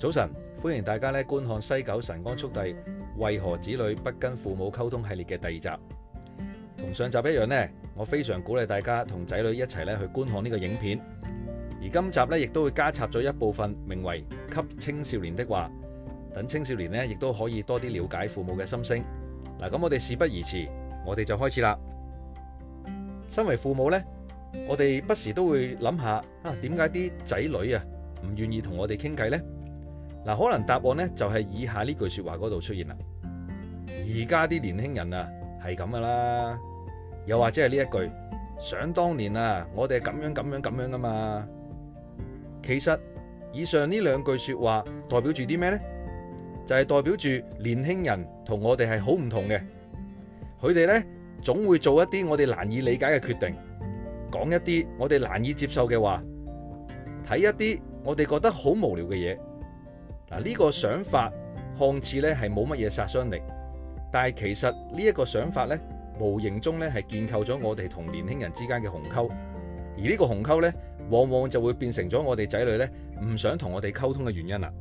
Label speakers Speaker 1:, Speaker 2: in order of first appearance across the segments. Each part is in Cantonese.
Speaker 1: 早晨，歡迎大家咧觀看《西九神光速遞》為何子女不跟父母溝通系列嘅第二集。同上集一樣呢，我非常鼓勵大家同仔女一齊咧去觀看呢個影片。而今集咧，亦都會加插咗一部分，名為《給青少年的話》，等青少年呢，亦都可以多啲了解父母嘅心聲嗱。咁我哋事不宜遲，我哋就開始啦。身為父母咧，我哋不時都會諗下啊，點解啲仔女啊唔願意同我哋傾偈咧？嗱，可能答案咧就係以下呢句說話嗰度出現啦。而家啲年輕人啊係咁噶啦，又或者係呢一句想當年啊，我哋係咁樣咁樣咁樣噶嘛。其實以上呢兩句說話代表住啲咩咧？就係代表住年輕人同我哋係好唔同嘅。佢哋咧總會做一啲我哋難以理解嘅決定，講一啲我哋難以接受嘅話，睇一啲我哋覺得好無聊嘅嘢。嗱，呢個想法看似咧係冇乜嘢殺傷力，但係其實呢一個想法咧，無形中咧係建構咗我哋同年輕人之間嘅鴻溝，而呢個鴻溝咧，往往就會變成咗我哋仔女咧唔想同我哋溝通嘅原因啦。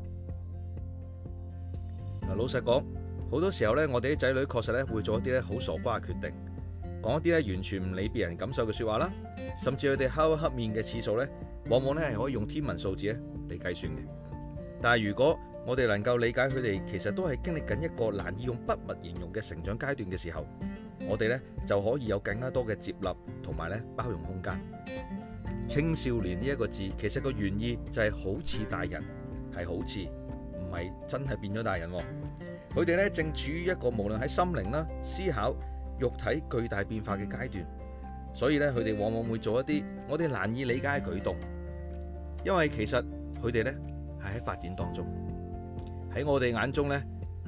Speaker 1: 嗱，老實講，好多時候咧，我哋啲仔女確實咧會做一啲咧好傻瓜嘅決定，講一啲咧完全唔理別人感受嘅説話啦，甚至佢哋敲黑面嘅次數咧，往往咧係可以用天文數字咧嚟計算嘅。但係，如果我哋能夠理解佢哋，其實都係經歷緊一個難以用筆墨形容嘅成長階段嘅時候，我哋咧就可以有更加多嘅接納同埋咧包容空間。青少年呢一個字，其實個原意就係好似大人，係好似唔係真係變咗大人。佢哋咧正處於一個無論喺心靈啦、思考、肉體巨大變化嘅階段，所以咧佢哋往往會做一啲我哋難以理解嘅舉動，因為其實佢哋咧。係喺發展當中，喺我哋眼中咧，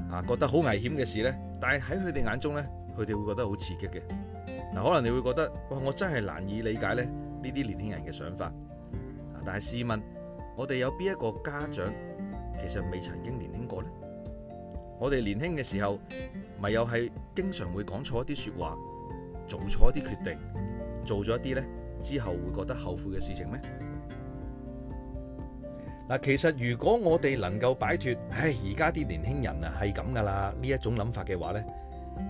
Speaker 1: 啊覺得好危險嘅事咧，但係喺佢哋眼中咧，佢哋會覺得好刺激嘅。嗱，可能你會覺得，哇，我真係難以理解咧呢啲年輕人嘅想法。但係試問，我哋有邊一個家長，其實未曾經年輕過呢？我哋年輕嘅時候，咪又係經常會講錯一啲說話，做錯一啲決定，做咗一啲咧之後會覺得後悔嘅事情咩？嗱，其實如果我哋能夠擺脱，唉，而家啲年輕人啊係咁㗎啦呢一種諗法嘅話呢，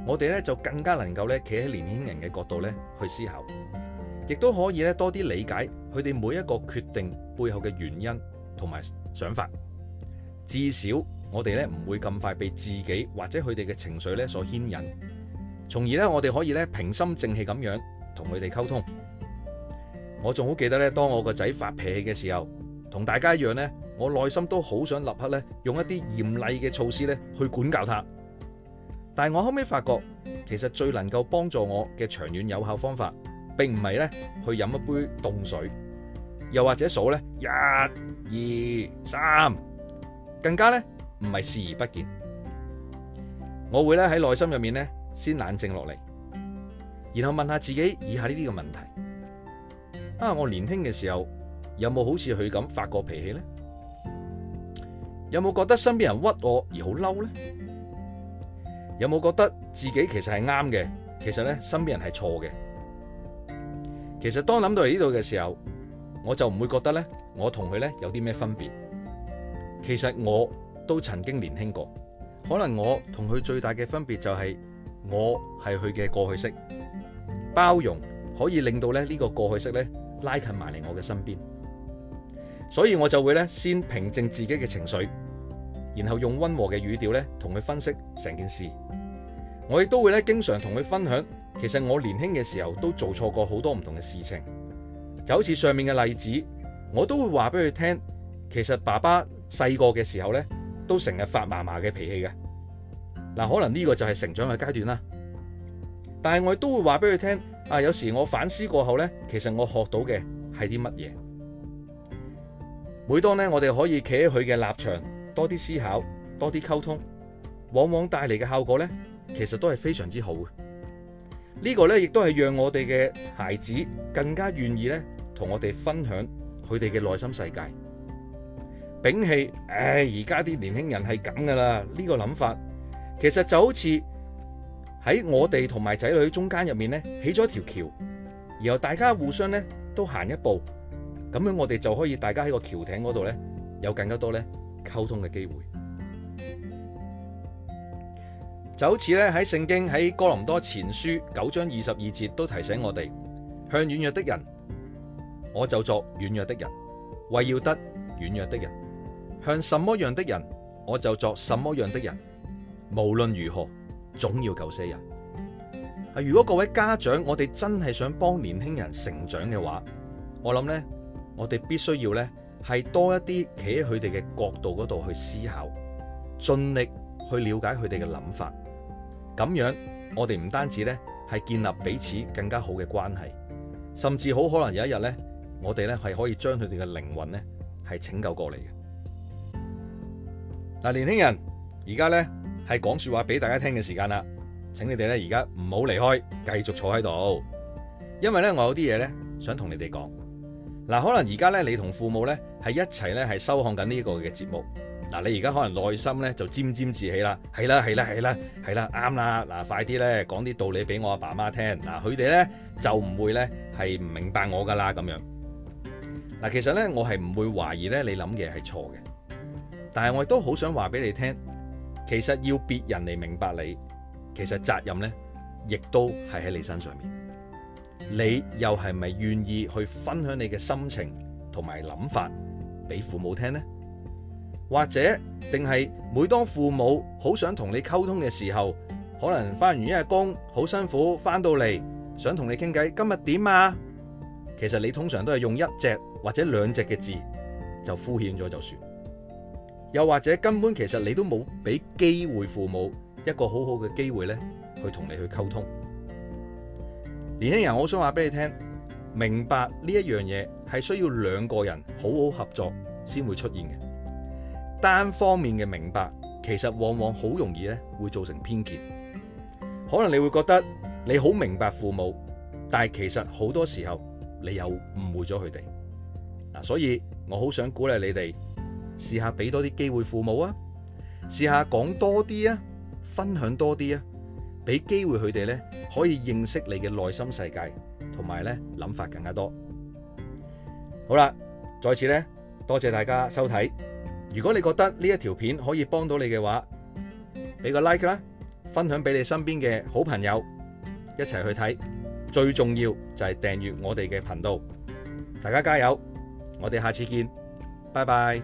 Speaker 1: 我哋咧就更加能夠咧企喺年輕人嘅角度咧去思考，亦都可以咧多啲理解佢哋每一個決定背後嘅原因同埋想法。至少我哋咧唔會咁快被自己或者佢哋嘅情緒咧所牽引，從而咧我哋可以咧平心靜氣咁樣同佢哋溝通。我仲好記得咧，當我個仔發脾氣嘅時候，同大家一樣呢，我內心都好想立刻咧用一啲嚴厲嘅措施咧去管教他。但係我後尾發覺，其實最能夠幫助我嘅長遠有效方法，並唔係咧去飲一杯凍水，又或者數咧一、二、三，更加咧唔係視而不見。我會咧喺內心入面咧先冷靜落嚟，然後問一下自己以下呢啲嘅問題：啊，我年輕嘅時候。有冇好似佢咁發過脾氣呢？有冇覺得身邊人屈我而好嬲呢？有冇覺得自己其實係啱嘅？其實咧，身邊人係錯嘅。其實當諗到嚟呢度嘅時候，我就唔會覺得咧，我同佢咧有啲咩分別。其實我都曾經年輕過，可能我同佢最大嘅分別就係我係佢嘅過去式。包容可以令到咧呢個過去式咧拉近埋嚟我嘅身邊。所以我就會咧先平靜自己嘅情緒，然後用温和嘅語調咧同佢分析成件事。我亦都會咧經常同佢分享，其實我年輕嘅時候都做錯過好多唔同嘅事情，就好似上面嘅例子，我都會話俾佢聽。其實爸爸細個嘅時候咧都成日發麻麻嘅脾氣嘅，嗱，可能呢個就係成長嘅階段啦。但係我都會話俾佢聽，啊有時我反思過後咧，其實我學到嘅係啲乜嘢。每當咧，我哋可以企喺佢嘅立場，多啲思考，多啲溝通，往往帶嚟嘅效果咧，其實都係非常之好嘅。呢個咧，亦都係讓我哋嘅孩子更加願意咧，同我哋分享佢哋嘅內心世界。摒棄，誒，而家啲年輕人係咁噶啦，呢個諗法，其實就好似喺我哋同埋仔女中間入面咧，起咗條橋，然後大家互相咧都行一步。咁樣我哋就可以大家喺個橋艇嗰度呢，有更加多呢溝通嘅機會。就好似呢，喺聖經喺哥林多前書九章二十二節都提醒我哋，向軟弱的人，我就作軟弱的人，為要得軟弱的人。向什麼樣的人，我就作什麼樣的人。無論如何，總要救些人。如果各位家長，我哋真係想幫年輕人成長嘅話，我諗呢。我哋必須要咧，係多一啲企喺佢哋嘅角度嗰度去思考，盡力去了解佢哋嘅諗法。咁樣，我哋唔單止咧係建立彼此更加好嘅關係，甚至好可能有一日咧，我哋咧係可以將佢哋嘅靈魂咧係拯救過嚟嘅。嗱，年輕人，而家咧係講說話俾大家聽嘅時間啦，請你哋咧而家唔好離開，繼續坐喺度，因為咧我有啲嘢咧想同你哋講。嗱，可能而家咧，你同父母咧係一齊咧係收看緊呢一個嘅節目。嗱，你而家可能內心咧就沾沾自喜啦，係啦，係啦，係啦，係啦，啱啦。嗱，快啲咧講啲道理俾我阿爸媽聽。嗱，佢哋咧就唔會咧係唔明白我噶啦咁樣。嗱，其實咧我係唔會懷疑咧你諗嘅係錯嘅，但係我亦都好想話俾你聽，其實要別人嚟明白你，其實責任咧亦都係喺你身上面。你又係咪願意去分享你嘅心情同埋諗法俾父母聽呢？或者定係每當父母好想同你溝通嘅時候，可能返完一日工好辛苦，返到嚟想同你傾偈，今日點啊？其實你通常都係用一隻或者兩隻嘅字就敷衍咗就算，又或者根本其實你都冇俾機會父母一個好好嘅機會呢，去同你去溝通。年輕人，我想話俾你聽，明白呢一樣嘢係需要兩個人好好合作先會出現嘅。單方面嘅明白，其實往往好容易咧會造成偏見。可能你會覺得你好明白父母，但係其實好多時候你又誤會咗佢哋。嗱，所以我好想鼓勵你哋，試下俾多啲機會父母啊，試下講多啲啊，分享多啲啊。俾機會佢哋咧，可以認識你嘅內心世界，同埋咧諗法更加多。好啦，再次咧，多謝大家收睇。如果你覺得呢一條片可以幫到你嘅話，俾個 like 啦，分享俾你身邊嘅好朋友一齊去睇。最重要就係訂閱我哋嘅頻道。大家加油，我哋下次見，拜拜。